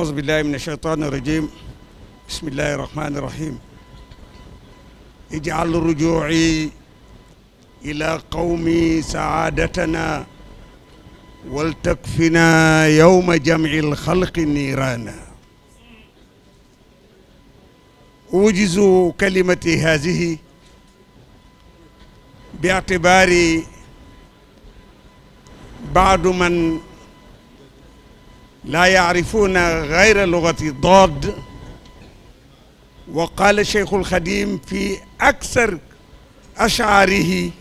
أعوذ بالله من الشيطان الرجيم بسم الله الرحمن الرحيم اجعل رجوعي إلى قومي سعادتنا ولتكفنا يوم جمع الخلق نيرانا أوجز كلمتي هذه باعتباري بعض من laa yaarifuuna gayra lugati dood wa qaala cheikhul xadim fi aksar ashaarihi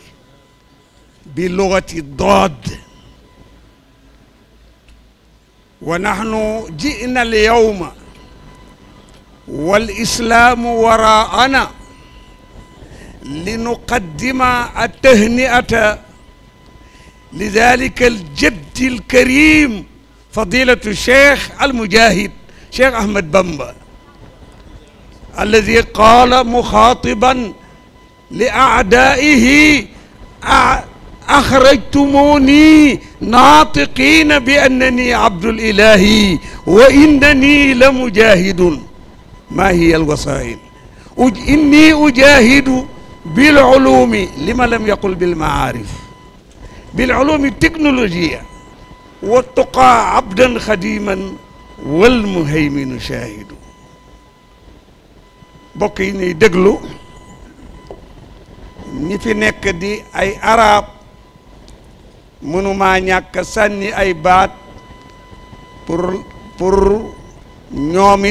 bi lugati dood wa nahnu ji'na al yawma wal islaamu waraana li nuqaddima at tahniata li dalika al jaddi al karim fadilatu cheikh almujahid cheikh ahmad bamba alladi qaala muxaatiban li aadaihi axrajtumuni naatiqina bi annani abdul ilahi wa innani la mujahidun ma hiya alwasail inni ujahidu bilulumi lima lam yaqul bilmaarif bilulumi technologie wa tuqaa abdan xadiman wal muhayminu shaahidu bokk yi ñuy déglu ñi fi nekk di ay arab mënumaa ñàkk sànni ay baat pour pour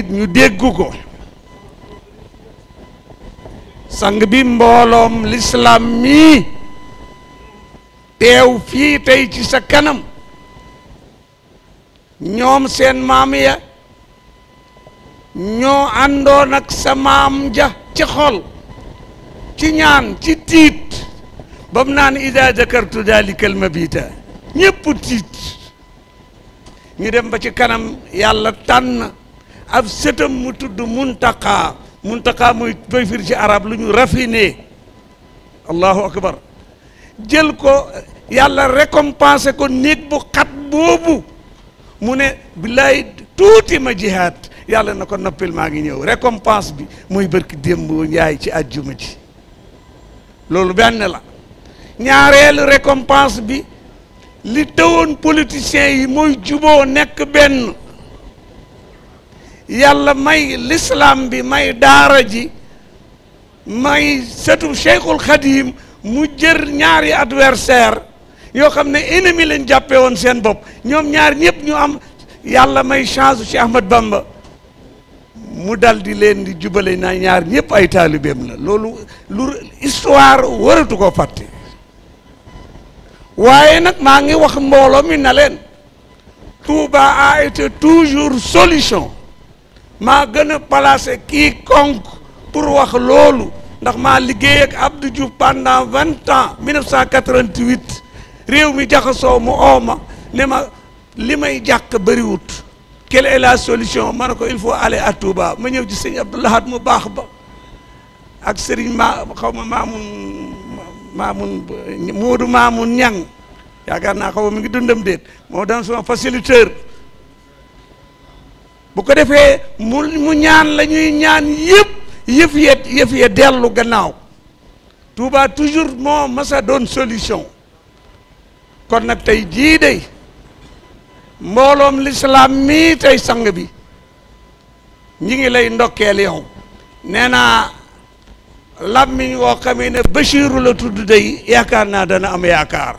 ñu déggu ko sang bi mbooloom lislaam mii teew fii tey ci sa kanam ñoom seen maam ya ñoo àndoon ak sa maam ja ci xol ci ñaan ci tiit ba mu naan ida dakartu dalika almabita ñëpp tiit ñu dem ba ci kanam yàlla tànn ab sëtam mu tudd muntaqaa muntaqaa muy boy ci arab lu ñu raffiné allahu akbar jël ko yàlla récompensé ko néeg bu xat boobu mu ne billaay tuuti ma jihaat yàlla na ko noppil maa ngi ñëw récompense bi muy barki démb yaay ci àjjuma ji loolu benn la ñaareelu récompense bi li tëwoon politiciens yi mooy juboo nekk benn yàlla may lislaam bi may daara ji may setu cheikhul xadim mu jër ñaari adversaire yoo xam ne ennemi lañ jàppee woon seen bopp ñoom ñaar ñëpp ñu am yàlla may chance ci Ahmad Bamba mu dal di leen di jubale naa ñaar ñëpp ay taalibeem la loolu lu histoire waratu ko fàtte waaye nag maa ngi wax mbooloo mi na leen Touba a été toujours solution maa gën a placé quiconque pour wax loolu ndax maa liggéey ak Abdou Diouf pendant vingt ans 1988 réew mi jaxasoo mu ooma ne ma li may jàq bëriwut quelle la solution ma ne ko il faut aller à Touba ma ñëw ci sëñ Abdoulahat mu baax ba ak sëriñ ma xaw ma maamun maamun Moodu Maamun Ñang yaakaar naa xaw mi ngi dundam déet moo doon sama bu ko defee mu mu ñaan la ñuy ñaan yëpp yëpp yëpp yëf ye dellu gannaaw Touba toujours moo masa doon solution kon nag tey jii day mbooloom lislaam mii tey sang bi ñi ngi lay ndokkeel yow nee naa làmmiñ woo xamee ne Bachiru la tudd day yaakaar naa dana am yaakaar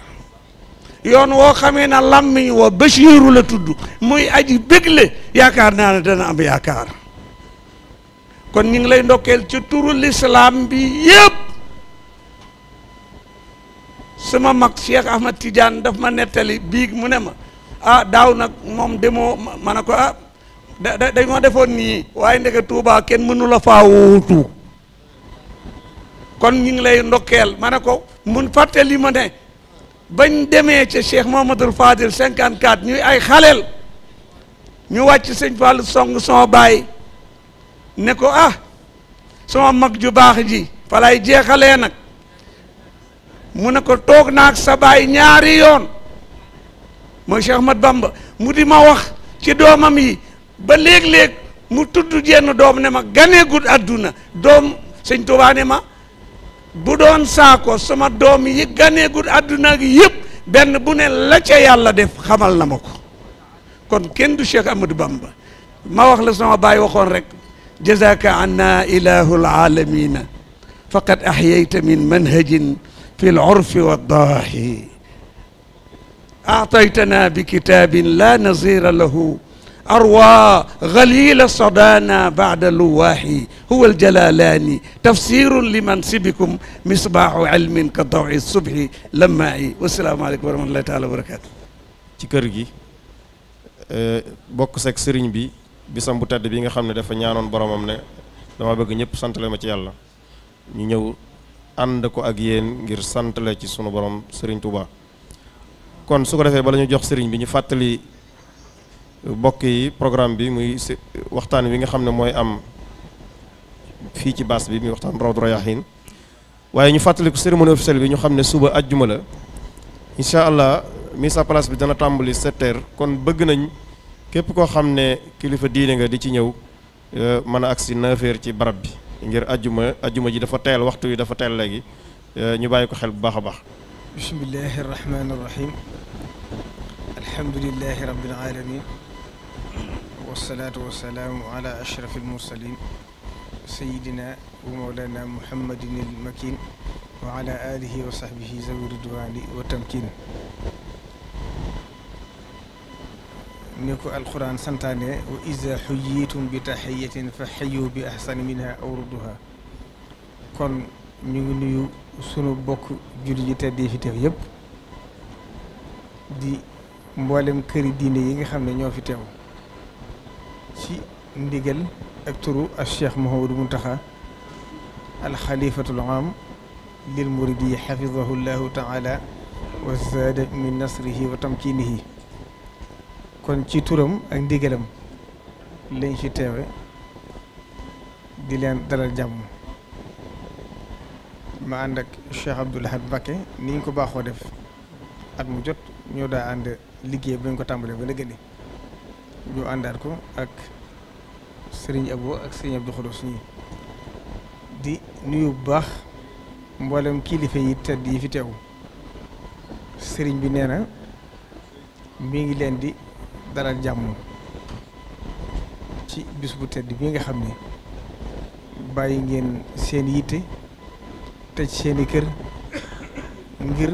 yoon woo xamee ne làmmiñ woo Bachiru la tudd muy aji bégle yaakaar naa ne dana am yaakaar kon ñi ngi lay ndokkeel ci turu lislaam bi yépp sama mag Cheikh Ahmad Tidiane daf ma nettali biig mu ne ma ah daaw nag moom demoo ma ne ko ah da da dañoo defoon nii waaye ndeke Touba kenn mënu la faa wuutu kon ñu ngi lay ndokkeel ma ne ko mun fàtte lii ma ne bañ demee ca Cheikh Mouhamadoul Fadil 54 ñuy ay xaleel ñu wàcc sëñ Fallou song sama baay ne ko ah sama mag ju baax ji falay jeexalee nag. mu ne ko toog naag sa baay ñaari yoon mooy Cheikh Ahmad Bamba mu di ma wax ci doomam yi ba léeg-léeg mu tudd jenn doom ne ma ganeegul àdduna doom sëñ Tuubaa ne ma bu doon saako sama doom yi ganeegul àdduna gi yëpp benn bu ne la ca yàlla def xamal na ma ko kon kenn du Cheikh Ahmad Bamba ma wax la sama baay waxoon rek jazaka anna ilahul alamina faqad ahyayta min manhajin في العرف والضاحي أعطيتنا بكتاب لا نظير له أروى غليل صدانا بعد لواحي هو الجلالاني تفسير لمنصبكم مصباح علم كضوء الصبح لماعي والسلام عليكم ورحمة الله تعالى وبركاته ci kër gi bokk seeg sëriñ bi bisam bu tedd bi nga xam ne dafa ñaanoon boromam ne dama bëgg ñëpp sant leen ma ci yàlla ñu ñëw ànd ko ak yéen ngir sant ci sunu borom Serigne Touba kon su ko defee bala ñu jox sëriñ bi ñu fàttali mbokk yi programme bi muy waxtaan wi nga xam ne mooy am fii ci baas bi muy waxtaan Rawdu Rayaahiin waaye ñu fàttaliku cérémonie officielle bi ñu xam ne suba ajjuma la incha allah mise à place bi dana tàmbali 7 kon bëgg nañ képp koo xam ne kilifa diine nga di ci ñëw euh, mën a agsi 9 heures ci barab bi. ngir ajjuma ajjuma ji dafa teel waxtu yi dafa teel léegi euh, ñu bàyyi ko xel bu baax a baax bismillahi rahmaani rahim alhamdulilahi rabbil alamin wasalaatu wasalaamu ala ashraf almursalin sayidina wa mawlana muhammadin almakin wa ala alihi wa sahbihi zawi ridwani wa tamkin ni ko alquran santaane wa iza xuyitum bi taxiyatin fa xayu bi ahsani minha aw kon ñu ngi nuyu sunu bokk julli yi teddi fi teew yëpp di mboolem këri diine yi nga xam ne ñoo fi teew ci ndigal ak turu al cheikh Mouhamadou Mountakha alxalifatul am lil muridi xafidahu llahu taala wa zaada min nasrihi wa tamkinihi kon ci turam ak ndigalam lañ ci teewe di leen dalal jàmm ma ànd ak Cheikh Abdoul Ahad Mbacké ni ñu ko baaxoo def at mu jot ñoo daa ànd liggéey ba ñu ko tàmbalee ba léegi ñu àndaat ko ak sëriñ Abo ak Serigne Abdou Khodos ñi di nuyu bu baax mboolem kilifa yi tedd yi fi teew Serigne bi nee na ngi leen di dara jàmm ci bis bu tedd bi nga xam ne bàyyi ngeen seen yitte tëj seeni kër ngir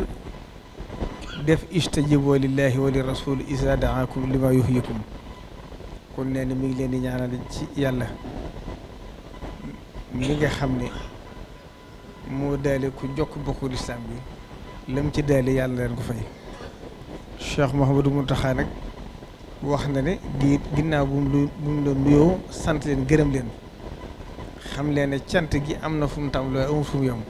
def istajibu lillahi wa li rasul isa daakum lima yuhyikum kon nee mi ngi leen di ñaanal ci yàlla mi nga xam ni moo daale ku jokk bokku lislaam bi lam ci daale yàlla leen ko fay Cheikh Mouhamadou Mountakha nag wax na ne di ginnaaw bu mu bu mu doon nuyoo sant leen gërëm leen xam leen ne cant gi am na fu mu tam looy amul fu mu yomb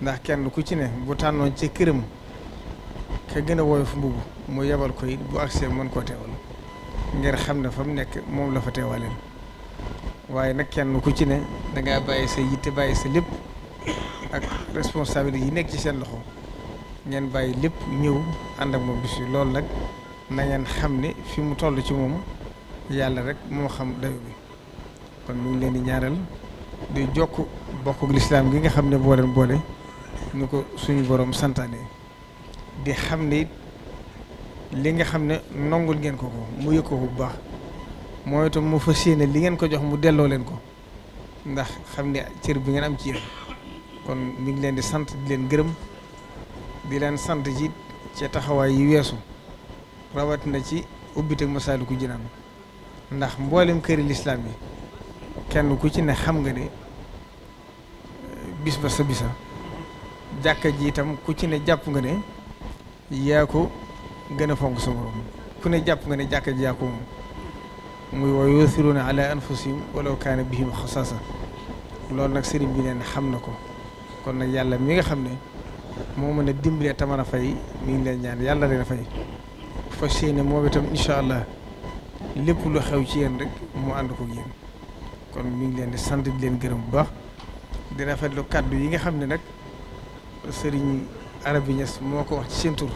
ndax kenn ku ci ne bu tànnoon ci këram ka gën a fu mbubb mu yebal ko it bu agsee mën koo teewal ngir xam ne fa mu nekk moom la fa teewaleen waaye nag kenn ku ci ne dangaa bàyyi sa yitte bàyyi sa lépp ak responsabilité yi nekk ci seen loxo ngeen bàyyi lépp ñëw ànd ak moom bis yi loolu nag na ngeen xam ne fi mu toll ci moom yàlla rek moo xam dayu bi kon mu ngi leen di ñaaral di jokk bokk lislaam gi nga xam ne boo leen boole ñu ko suñu boroom santaane di xam ni it li nga xam ne nongul ngeen ko ko mu yëg ko bu baax mooy itam mu fas yéene li ngeen ko jox mu delloo leen ko ndax xam ne cër bi ngeen am ci yéen kon ñu ngi leen di sant di leen gërëm di leen sant ji ci taxawaay yi weesu. rawatina ci ubbiteg Masaalikul Jinaan ndax mboolem këri lislaam yi kenn ku ci ne xam nga ne bis ba sa bisa jàkka ji itam ku ci ne jàpp nga ne yaa ko gën a fonk sa morom ku ne jàpp nga ne jàkka ji yaa ko moom muy wa yuuthiruuna ala anfusihim walaw kaana bihim xasaasa loolu nag sëriñ bi neen xam na ko kon nag yàlla mi nga xam ne moo mën a dimbalee tamana fay mi ngi leen ñaan yàlla leen fay fas yéene moom itam incha allah lépp lu xew ci yéen rek mu ànd ko yéen kon mi ngi leen di sant di leen gërëm bu baax di rafetlu kàddu yi nga xam ne nag sëriñ Arabi Niass moo ko wax ci seen tur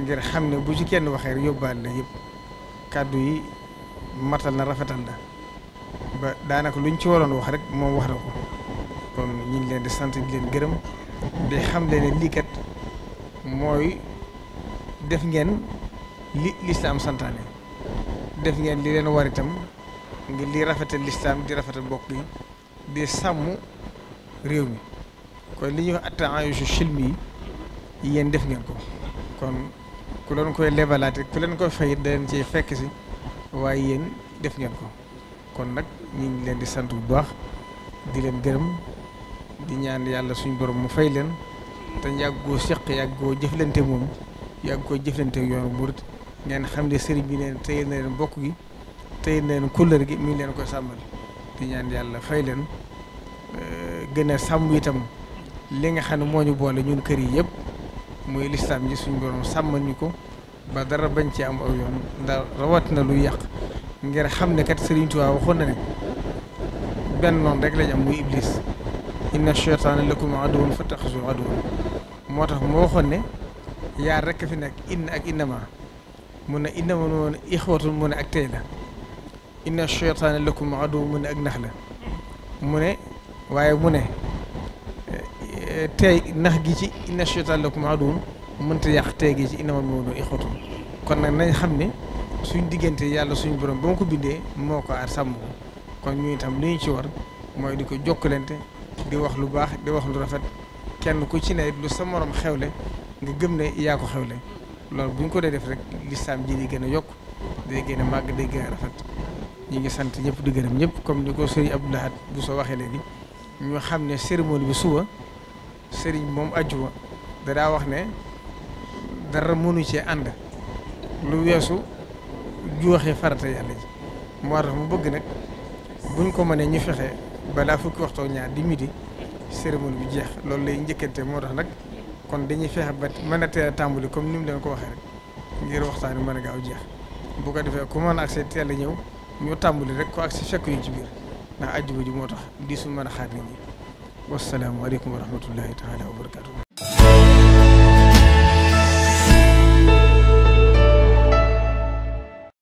ngir xam ne bu ci kenn waxee rek yóbbaale la yëpp kàddu yi matal na rafetal na ba daanaka luñ ci waroon wax rek moom wax na ko kon ñu ngi leen di sant di leen gërëm di xam leen lii kat mooy def ngeen li lislaam santaane def ngeen li leen war itam ngir li rafetal lislaam di rafetal bokk yi di sàmm réew mi kon li ñuy wax attaayusu silmi yi yéen def ngeen ko kon ku leen koy lebalaate ku leen koy fay da leen ci fekk si waaye yéen def ngeen ko kon nag ñu ngi leen di sant bu baax di leen gërëm di ñaan yàlla suñu borom mu fay leen te yàggoo seq yàggoo jëflante moom koo jëflante yoonu murit ngeen xam ne sëriñ bi leen tey na leen bokk gi tey na leen couleur gi mi ngi leen koy sàmmali di ñaan yàlla fay leen euh, gën a sàmm itam li nga xam ne moo ñu boole ñun kër yi yëpp muy lislaam ji suñu borom sàmmal ñu ko ba dara bañ ci am yoon ndax rawat na luy yàq ngir xam ne kat Sëriñ Tuubaa waxoon na ne benn noon rek lañ am muy iblis inna cheytaana lakum aduwwun fattaxizuuhu aduwwan moo tax moo waxoon ne yaa rek fi nekk inn ak innama mu ne inna ma noonu ixwatun mu ne ak tey la inna cheytaana lakum adu mu ne ak nax la mu ne waaye mu ne tey nax gi ci inna cheytaana lakum adu mënta yàq tey gi ci inna ma noonu ixwatun kon nag nañ xam ne suñ diggante yàlla suñu borom ba mu ko bindee moo ko aar sàmm ko kon ñu itam li ñu ci war mooy di ko jokkalante di wax lu baax di wax lu rafet kenn ku ci ne lu sa morom le nga gëm ne yaa ko xewle loolu bu ñu ko dee def rek lislaam ji di gën a yokk day gën a màgg day a rafet ñu ngi sant ñëpp di gërëm ñëpp comme ni ko sëriñ Abdou Lahad bu soo waxee léegi ñu xam ne cérémonie bi suba sëriñ moom ajjuma dadaa wax ne dara mënu cee ànd lu weesu waxee farata yàlla ji moo tax mu bëgg nag buñ ko mënee ñu fexe balaa fukki waxtoo ñaar di midi cérémonie bi jeex loolu lay njëkkante moo tax nag kon dañuy fexe ba mën a teel a tàmbali comme ni mu leen ko waxee rek ngir waxtaan bi mën a gaaw jeex bu ko defee ku mën a accès teel a ñëw ñu tàmbali rek ko accès fekk ñu ci biir ndax ajjuba ji moo tax di suñ mën a xaar nit ñi wasalaamualeykum wa rahmatullahi taala wa barakatuh